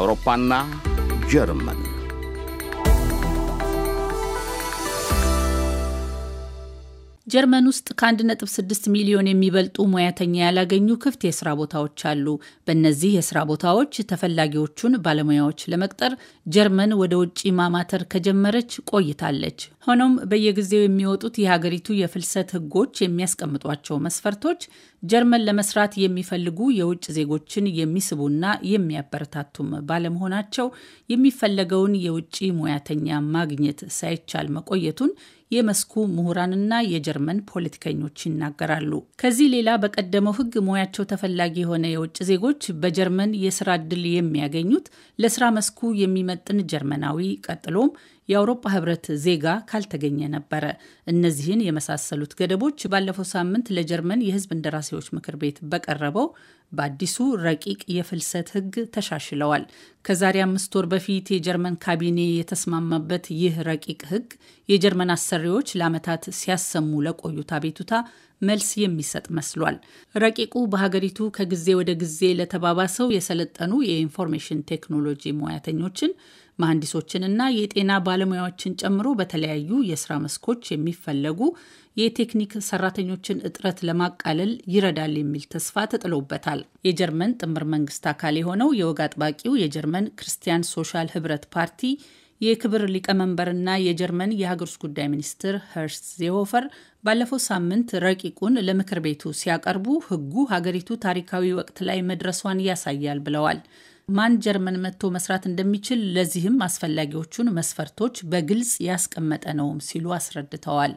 አውሮፓና ጀርመን ጀርመን ውስጥ ከ1.6 ሚሊዮን የሚበልጡ ሙያተኛ ያላገኙ ክፍት የስራ ቦታዎች አሉ። በእነዚህ የስራ ቦታዎች ተፈላጊዎቹን ባለሙያዎች ለመቅጠር ጀርመን ወደ ውጭ ማማተር ከጀመረች ቆይታለች። ሆኖም በየጊዜው የሚወጡት የሀገሪቱ የፍልሰት ሕጎች የሚያስቀምጧቸው መስፈርቶች ጀርመን ለመስራት የሚፈልጉ የውጭ ዜጎችን የሚስቡና የሚያበረታቱም ባለመሆናቸው የሚፈለገውን የውጭ ሙያተኛ ማግኘት ሳይቻል መቆየቱን የመስኩ ምሁራንና የጀርመን ፖለቲከኞች ይናገራሉ። ከዚህ ሌላ በቀደመው ሕግ ሙያቸው ተፈላጊ የሆነ የውጭ ዜጎች በጀርመን የስራ እድል የሚያገኙት ለስራ መስኩ የሚመጥን ጀርመናዊ ቀጥሎም የአውሮፓ ህብረት ዜጋ ካልተገኘ ነበረ። እነዚህን የመሳሰሉት ገደቦች ባለፈው ሳምንት ለጀርመን የህዝብ እንደራሴዎች ምክር ቤት በቀረበው በአዲሱ ረቂቅ የፍልሰት ህግ ተሻሽለዋል። ከዛሬ አምስት ወር በፊት የጀርመን ካቢኔ የተስማማበት ይህ ረቂቅ ህግ የጀርመን አሰሪዎች ለዓመታት ሲያሰሙ ለቆዩት አቤቱታ መልስ የሚሰጥ መስሏል። ረቂቁ በሀገሪቱ ከጊዜ ወደ ጊዜ ለተባባሰው የሰለጠኑ የኢንፎርሜሽን ቴክኖሎጂ ሙያተኞችን መሐንዲሶችንና የጤና ባለሙያዎችን ጨምሮ በተለያዩ የስራ መስኮች የሚፈለጉ የቴክኒክ ሰራተኞችን እጥረት ለማቃለል ይረዳል የሚል ተስፋ ተጥሎበታል። የጀርመን ጥምር መንግስት አካል የሆነው የወግ አጥባቂው የጀርመን ክርስቲያን ሶሻል ህብረት ፓርቲ የክብር ሊቀመንበርና የጀርመን የሀገር ውስጥ ጉዳይ ሚኒስትር ሄርስት ዜሆፈር ባለፈው ሳምንት ረቂቁን ለምክር ቤቱ ሲያቀርቡ ህጉ ሀገሪቱ ታሪካዊ ወቅት ላይ መድረሷን ያሳያል ብለዋል። ማን ጀርመን መጥቶ መስራት እንደሚችል ለዚህም አስፈላጊዎቹን መስፈርቶች በግልጽ ያስቀመጠ ነውም ሲሉ አስረድተዋል።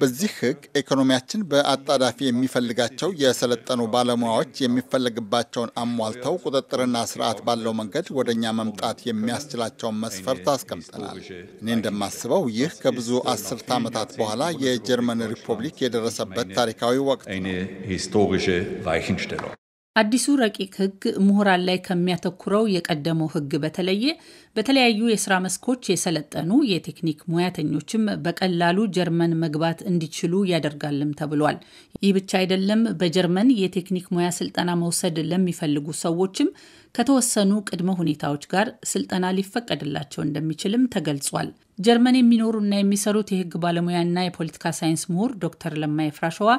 በዚህ ህግ ኢኮኖሚያችን በአጣዳፊ የሚፈልጋቸው የሰለጠኑ ባለሙያዎች የሚፈለግባቸውን አሟልተው ቁጥጥርና ስርዓት ባለው መንገድ ወደ እኛ መምጣት የሚያስችላቸውን መስፈርት አስቀምጠናል። እኔ እንደማስበው ይህ ከብዙ አስርት ዓመታት በኋላ የጀርመን ሪፑብሊክ የደረሰበት ታሪካዊ ወቅት ነው። አዲሱ ረቂቅ ህግ ምሁራን ላይ ከሚያተኩረው የቀደመው ህግ በተለየ በተለያዩ የስራ መስኮች የሰለጠኑ የቴክኒክ ሙያተኞችም በቀላሉ ጀርመን መግባት እንዲችሉ ያደርጋልም ተብሏል። ይህ ብቻ አይደለም። በጀርመን የቴክኒክ ሙያ ስልጠና መውሰድ ለሚፈልጉ ሰዎችም ከተወሰኑ ቅድመ ሁኔታዎች ጋር ስልጠና ሊፈቀድላቸው እንደሚችልም ተገልጿል። ጀርመን የሚኖሩና የሚሰሩት የህግ ባለሙያና የፖለቲካ ሳይንስ ምሁር ዶክተር ለማ የፍራሸዋ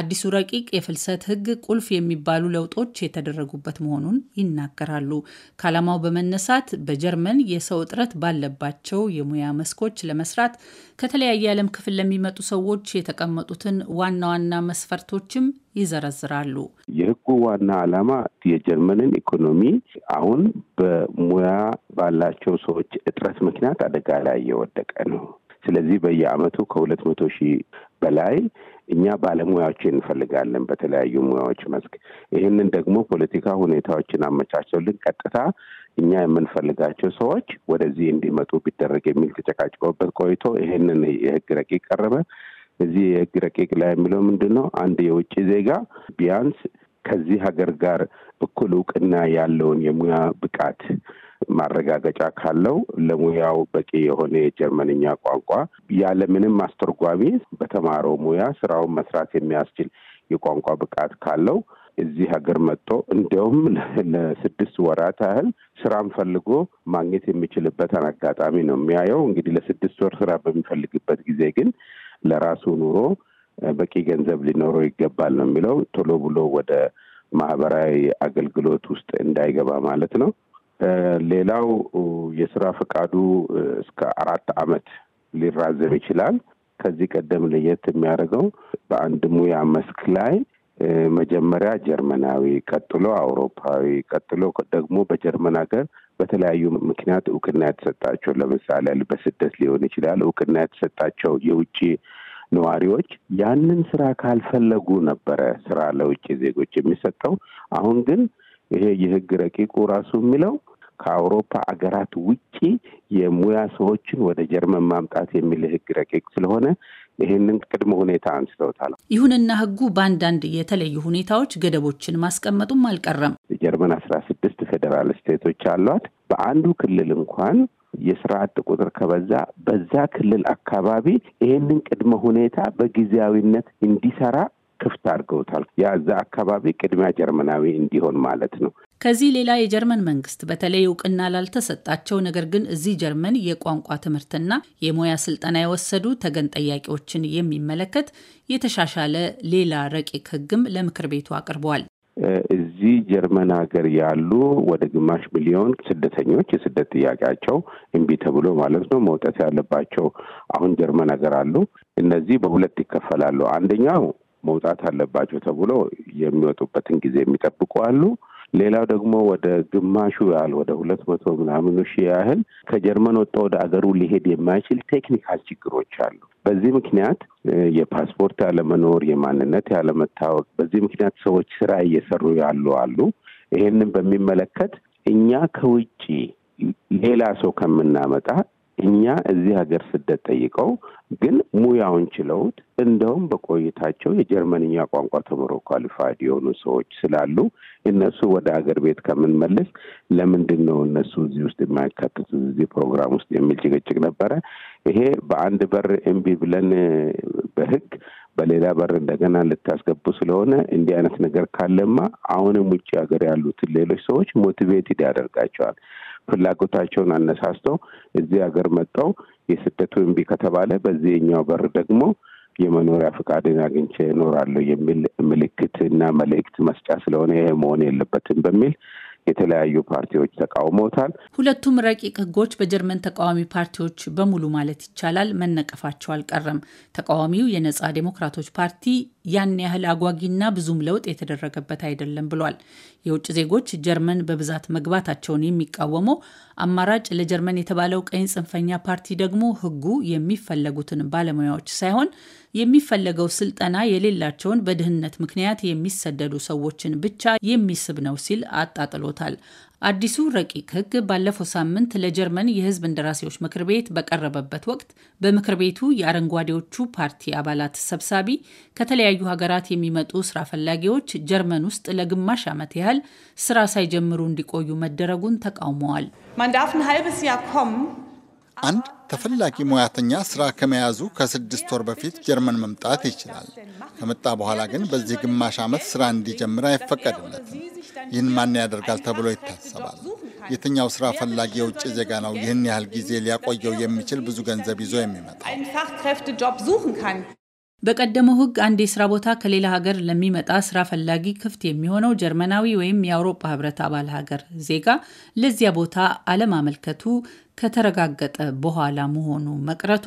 አዲሱ ረቂቅ የፍልሰት ህግ ቁልፍ የሚባሉ ለውጦች የተደረጉበት መሆኑን ይናገራሉ። ከዓላማው በመነሳት በጀርመን የሰው እጥረት ባለባቸው የሙያ መስኮች ለመስራት ከተለያየ ዓለም ክፍል ለሚመጡ ሰዎች የተቀመጡትን ዋና ዋና መስፈርቶችም ይዘረዝራሉ። የህጉ ዋና ዓላማ የጀርመንን ኢኮኖሚ አሁን በሙያ ባላቸው ሰዎች እጥረት ምክንያት አደጋ ላይ እየወደቀ ነው። ስለዚህ በየአመቱ ከሁለት መቶ ሺህ በላይ እኛ ባለሙያዎችን እንፈልጋለን በተለያዩ ሙያዎች መስክ። ይህንን ደግሞ ፖለቲካ ሁኔታዎችን አመቻቸውልን ቀጥታ እኛ የምንፈልጋቸው ሰዎች ወደዚህ እንዲመጡ ቢደረግ የሚል ተጨቃጭቆበት ቆይቶ ይህንን የህግ ረቂቅ ቀረበ። እዚህ የህግ ረቂቅ ላይ የሚለው ምንድን ነው? አንድ የውጭ ዜጋ ቢያንስ ከዚህ ሀገር ጋር እኩል እውቅና ያለውን የሙያ ብቃት ማረጋገጫ ካለው ለሙያው በቂ የሆነ የጀርመንኛ ቋንቋ ያለምንም አስተርጓሚ በተማረው ሙያ ስራውን መስራት የሚያስችል የቋንቋ ብቃት ካለው እዚህ ሀገር መጥቶ እንዲያውም ለስድስት ወራት ያህል ስራም ፈልጎ ማግኘት የሚችልበትን አጋጣሚ ነው የሚያየው። እንግዲህ ለስድስት ወር ስራ በሚፈልግበት ጊዜ ግን ለራሱ ኑሮ በቂ ገንዘብ ሊኖረው ይገባል ነው የሚለው። ቶሎ ብሎ ወደ ማህበራዊ አገልግሎት ውስጥ እንዳይገባ ማለት ነው። ሌላው የስራ ፈቃዱ እስከ አራት አመት ሊራዘም ይችላል። ከዚህ ቀደም ለየት የሚያደርገው በአንድ ሙያ መስክ ላይ መጀመሪያ ጀርመናዊ፣ ቀጥሎ አውሮፓዊ፣ ቀጥሎ ደግሞ በጀርመን ሀገር በተለያዩ ምክንያት እውቅና የተሰጣቸው ለምሳሌ በስደት ሊሆን ይችላል እውቅና የተሰጣቸው የውጭ ነዋሪዎች ያንን ስራ ካልፈለጉ ነበረ ስራ ለውጭ ዜጎች የሚሰጠው። አሁን ግን ይሄ የህግ ረቂቁ ራሱ የሚለው ከአውሮፓ አገራት ውጪ የሙያ ሰዎችን ወደ ጀርመን ማምጣት የሚል ህግ ረቂቅ ስለሆነ ይህንን ቅድመ ሁኔታ አንስተውታል። ይሁንና ህጉ በአንዳንድ የተለዩ ሁኔታዎች ገደቦችን ማስቀመጡም አልቀረም። የጀርመን አስራ ስድስት ፌዴራል ስቴቶች አሏት። በአንዱ ክልል እንኳን የስራ አጥ ቁጥር ከበዛ በዛ ክልል አካባቢ ይህንን ቅድመ ሁኔታ በጊዜያዊነት እንዲሰራ ክፍት አድርገውታል። ያዛ አካባቢ ቅድሚያ ጀርመናዊ እንዲሆን ማለት ነው። ከዚህ ሌላ የጀርመን መንግስት በተለይ እውቅና ላልተሰጣቸው ነገር ግን እዚህ ጀርመን የቋንቋ ትምህርትና የሙያ ስልጠና የወሰዱ ተገን ጠያቂዎችን የሚመለከት የተሻሻለ ሌላ ረቂቅ ህግም ለምክር ቤቱ አቅርበዋል። እዚህ ጀርመን ሀገር ያሉ ወደ ግማሽ ሚሊዮን ስደተኞች የስደት ጥያቄያቸው እምቢ ተብሎ ማለት ነው መውጣት ያለባቸው አሁን ጀርመን ሀገር አሉ። እነዚህ በሁለት ይከፈላሉ። አንደኛው መውጣት አለባቸው ተብሎ የሚወጡበትን ጊዜ የሚጠብቁ አሉ። ሌላው ደግሞ ወደ ግማሹ ያህል ወደ ሁለት መቶ ምናምኑ ሺህ ያህል ከጀርመን ወጥቶ ወደ አገሩ ሊሄድ የማይችል ቴክኒካል ችግሮች አሉ። በዚህ ምክንያት የፓስፖርት ያለመኖር፣ የማንነት ያለመታወቅ፣ በዚህ ምክንያት ሰዎች ስራ እየሰሩ ያሉ አሉ። ይሄንን በሚመለከት እኛ ከውጭ ሌላ ሰው ከምናመጣ እኛ እዚህ ሀገር ስደት ጠይቀው ግን ሙያውን ችለውት እንደውም በቆይታቸው የጀርመንኛ ቋንቋ ተምሮ ኳሊፋይድ የሆኑ ሰዎች ስላሉ እነሱ ወደ ሀገር ቤት ከምንመልስ ለምንድን ነው እነሱ እዚህ ውስጥ የማይካተቱ እዚህ ፕሮግራም ውስጥ የሚል ጭቅጭቅ ነበረ። ይሄ በአንድ በር እምቢ ብለን በህግ በሌላ በር እንደገና ልታስገቡ ስለሆነ እንዲህ አይነት ነገር ካለማ አሁንም ውጭ ሀገር ያሉትን ሌሎች ሰዎች ሞቲቬትድ ያደርጋቸዋል። ፍላጎታቸውን አነሳስተው እዚህ ሀገር መጠው የስደቱ እምቢ ከተባለ በዚህኛው በር ደግሞ የመኖሪያ ፈቃድን አግኝቼ እኖራለሁ የሚል ምልክት እና መልእክት መስጫ ስለሆነ ይሄ መሆን የለበትም በሚል የተለያዩ ፓርቲዎች ተቃውመውታል። ሁለቱም ረቂቅ ህጎች በጀርመን ተቃዋሚ ፓርቲዎች በሙሉ ማለት ይቻላል መነቀፋቸው አልቀረም። ተቃዋሚው የነጻ ዴሞክራቶች ፓርቲ ያን ያህል አጓጊና ብዙም ለውጥ የተደረገበት አይደለም ብሏል። የውጭ ዜጎች ጀርመን በብዛት መግባታቸውን የሚቃወመው አማራጭ ለጀርመን የተባለው ቀኝ ጽንፈኛ ፓርቲ ደግሞ ህጉ የሚፈለጉትን ባለሙያዎች ሳይሆን የሚፈለገው ስልጠና የሌላቸውን በድህነት ምክንያት የሚሰደዱ ሰዎችን ብቻ የሚስብ ነው ሲል አጣጥሎታል። አዲሱ ረቂቅ ሕግ ባለፈው ሳምንት ለጀርመን የሕዝብ እንደራሴዎች ምክር ቤት በቀረበበት ወቅት በምክር ቤቱ የአረንጓዴዎቹ ፓርቲ አባላት ሰብሳቢ ከተለያዩ ሀገራት የሚመጡ ስራ ፈላጊዎች ጀርመን ውስጥ ለግማሽ ዓመት ያህል ስራ ሳይጀምሩ እንዲቆዩ መደረጉን ተቃውመዋል። አንድ ተፈላጊ ሙያተኛ ስራ ከመያዙ ከስድስት ወር በፊት ጀርመን መምጣት ይችላል። ከመጣ በኋላ ግን በዚህ ግማሽ ዓመት ስራ እንዲጀምር አይፈቀድለትም። ይህን ማን ያደርጋል ተብሎ ይታሰባል። የትኛው ስራ ፈላጊ የውጭ ዜጋ ነው ይህን ያህል ጊዜ ሊያቆየው የሚችል ብዙ ገንዘብ ይዞ የሚመጣው? በቀደመው ህግ አንድ የስራ ቦታ ከሌላ ሀገር ለሚመጣ ስራ ፈላጊ ክፍት የሚሆነው ጀርመናዊ ወይም የአውሮፓ ህብረት አባል ሀገር ዜጋ ለዚያ ቦታ አለማመልከቱ ከተረጋገጠ በኋላ መሆኑ መቅረቱ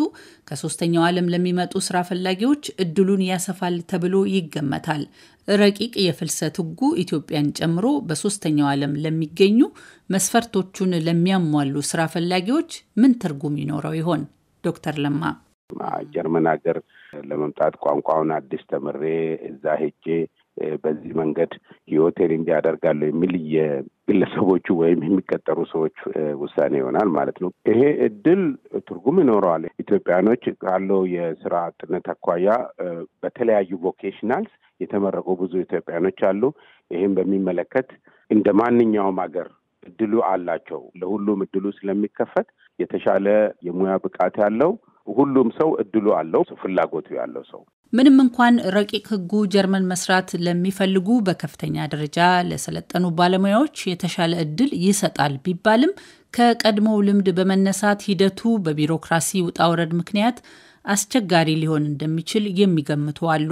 ከሶስተኛው ዓለም ለሚመጡ ስራ ፈላጊዎች እድሉን ያሰፋል ተብሎ ይገመታል። ረቂቅ የፍልሰት ህጉ ኢትዮጵያን ጨምሮ በሶስተኛው ዓለም ለሚገኙ መስፈርቶቹን ለሚያሟሉ ስራ ፈላጊዎች ምን ትርጉም ይኖረው ይሆን? ዶክተር ለማ ጀርመን ሀገር ለመምጣት ቋንቋውን አዲስ ተምሬ እዛ ሄጄ በዚህ መንገድ ህይወቴን እንዲህ አደርጋለሁ የሚል የግለሰቦቹ ወይም የሚቀጠሩ ሰዎች ውሳኔ ይሆናል ማለት ነው። ይሄ እድል ትርጉም ይኖረዋል። ኢትዮጵያኖች ካለው የስራ አጥነት አኳያ በተለያዩ ቮኬሽናልስ የተመረቁ ብዙ ኢትዮጵያኖች አሉ። ይህም በሚመለከት እንደ ማንኛውም ሀገር እድሉ አላቸው። ለሁሉም እድሉ ስለሚከፈት የተሻለ የሙያ ብቃት ያለው ሁሉም ሰው እድሉ አለው፣ ፍላጎቱ ያለው ሰው ምንም እንኳን ረቂቅ ሕጉ ጀርመን መስራት ለሚፈልጉ በከፍተኛ ደረጃ ለሰለጠኑ ባለሙያዎች የተሻለ እድል ይሰጣል ቢባልም ከቀድሞው ልምድ በመነሳት ሂደቱ በቢሮክራሲ ውጣውረድ ምክንያት አስቸጋሪ ሊሆን እንደሚችል የሚገምቱ አሉ።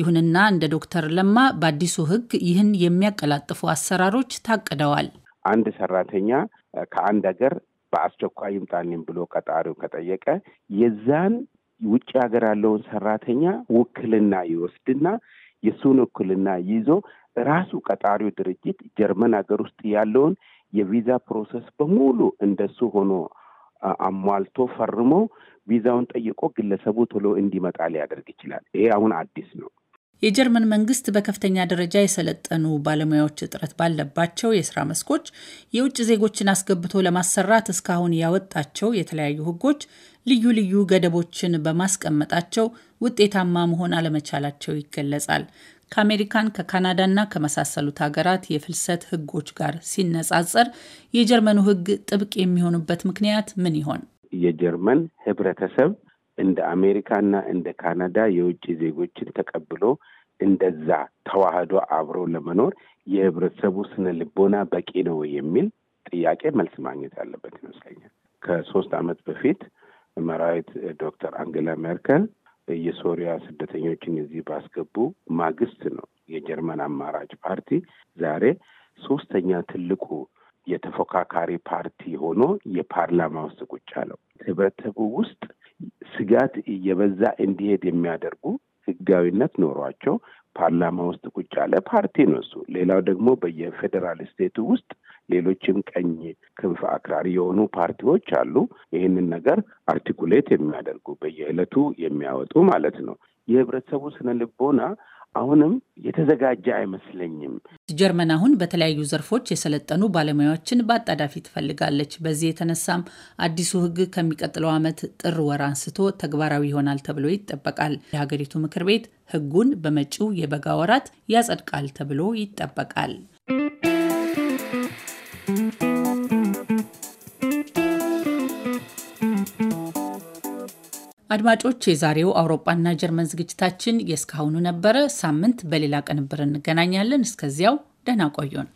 ይሁንና እንደ ዶክተር ለማ በአዲሱ ሕግ ይህን የሚያቀላጥፉ አሰራሮች ታቅደዋል። አንድ ሰራተኛ ከአንድ ሀገር በአስቸኳይ ይምጣልኝ ብሎ ቀጣሪው ከጠየቀ የዛን ውጭ ሀገር ያለውን ሰራተኛ ውክልና ይወስድና የሱን ውክልና ይዞ ራሱ ቀጣሪው ድርጅት ጀርመን ሀገር ውስጥ ያለውን የቪዛ ፕሮሰስ በሙሉ እንደሱ ሆኖ አሟልቶ ፈርሞ ቪዛውን ጠይቆ ግለሰቡ ቶሎ እንዲመጣ ሊያደርግ ይችላል። ይሄ አሁን አዲስ ነው። የጀርመን መንግስት በከፍተኛ ደረጃ የሰለጠኑ ባለሙያዎች እጥረት ባለባቸው የስራ መስኮች የውጭ ዜጎችን አስገብቶ ለማሰራት እስካሁን ያወጣቸው የተለያዩ ህጎች ልዩ ልዩ ገደቦችን በማስቀመጣቸው ውጤታማ መሆን አለመቻላቸው ይገለጻል። ከአሜሪካን ከካናዳና ከመሳሰሉት ሀገራት የፍልሰት ህጎች ጋር ሲነጻጸር የጀርመኑ ህግ ጥብቅ የሚሆኑበት ምክንያት ምን ይሆን? የጀርመን ህብረተሰብ እንደ አሜሪካና እንደ ካናዳ የውጭ ዜጎችን ተቀብሎ እንደዛ ተዋህዶ አብሮ ለመኖር የህብረተሰቡ ስነ ልቦና በቂ ነው የሚል ጥያቄ መልስ ማግኘት ያለበት ይመስለኛል። ከሶስት ዓመት በፊት መራዊት ዶክተር አንገላ ሜርከል የሶሪያ ስደተኞችን እዚህ ባስገቡ ማግስት ነው የጀርመን አማራጭ ፓርቲ ዛሬ ሶስተኛ ትልቁ የተፎካካሪ ፓርቲ ሆኖ የፓርላማ ውስጥ ቁጭ አለው። ህብረተሰቡ ውስጥ ስጋት እየበዛ እንዲሄድ የሚያደርጉ ህጋዊነት ኖሯቸው ፓርላማ ውስጥ ቁጭ ያለ ፓርቲ ነው እሱ። ሌላው ደግሞ በየፌዴራል ስቴቱ ውስጥ ሌሎችም ቀኝ ክንፍ አክራሪ የሆኑ ፓርቲዎች አሉ። ይህንን ነገር አርቲኩሌት የሚያደርጉ በየዕለቱ የሚያወጡ ማለት ነው። የህብረተሰቡ ስነ ልቦና አሁንም የተዘጋጀ አይመስለኝም። ጀርመን አሁን በተለያዩ ዘርፎች የሰለጠኑ ባለሙያዎችን በአጣዳፊ ትፈልጋለች። በዚህ የተነሳም አዲሱ ሕግ ከሚቀጥለው ዓመት ጥር ወር አንስቶ ተግባራዊ ይሆናል ተብሎ ይጠበቃል። የሀገሪቱ ምክር ቤት ሕጉን በመጪው የበጋ ወራት ያጸድቃል ተብሎ ይጠበቃል። አድማጮች፣ የዛሬው አውሮፓና ጀርመን ዝግጅታችን የእስካሁኑ ነበረ። ሳምንት በሌላ ቅንብር እንገናኛለን። እስከዚያው ደህና ቆዩን።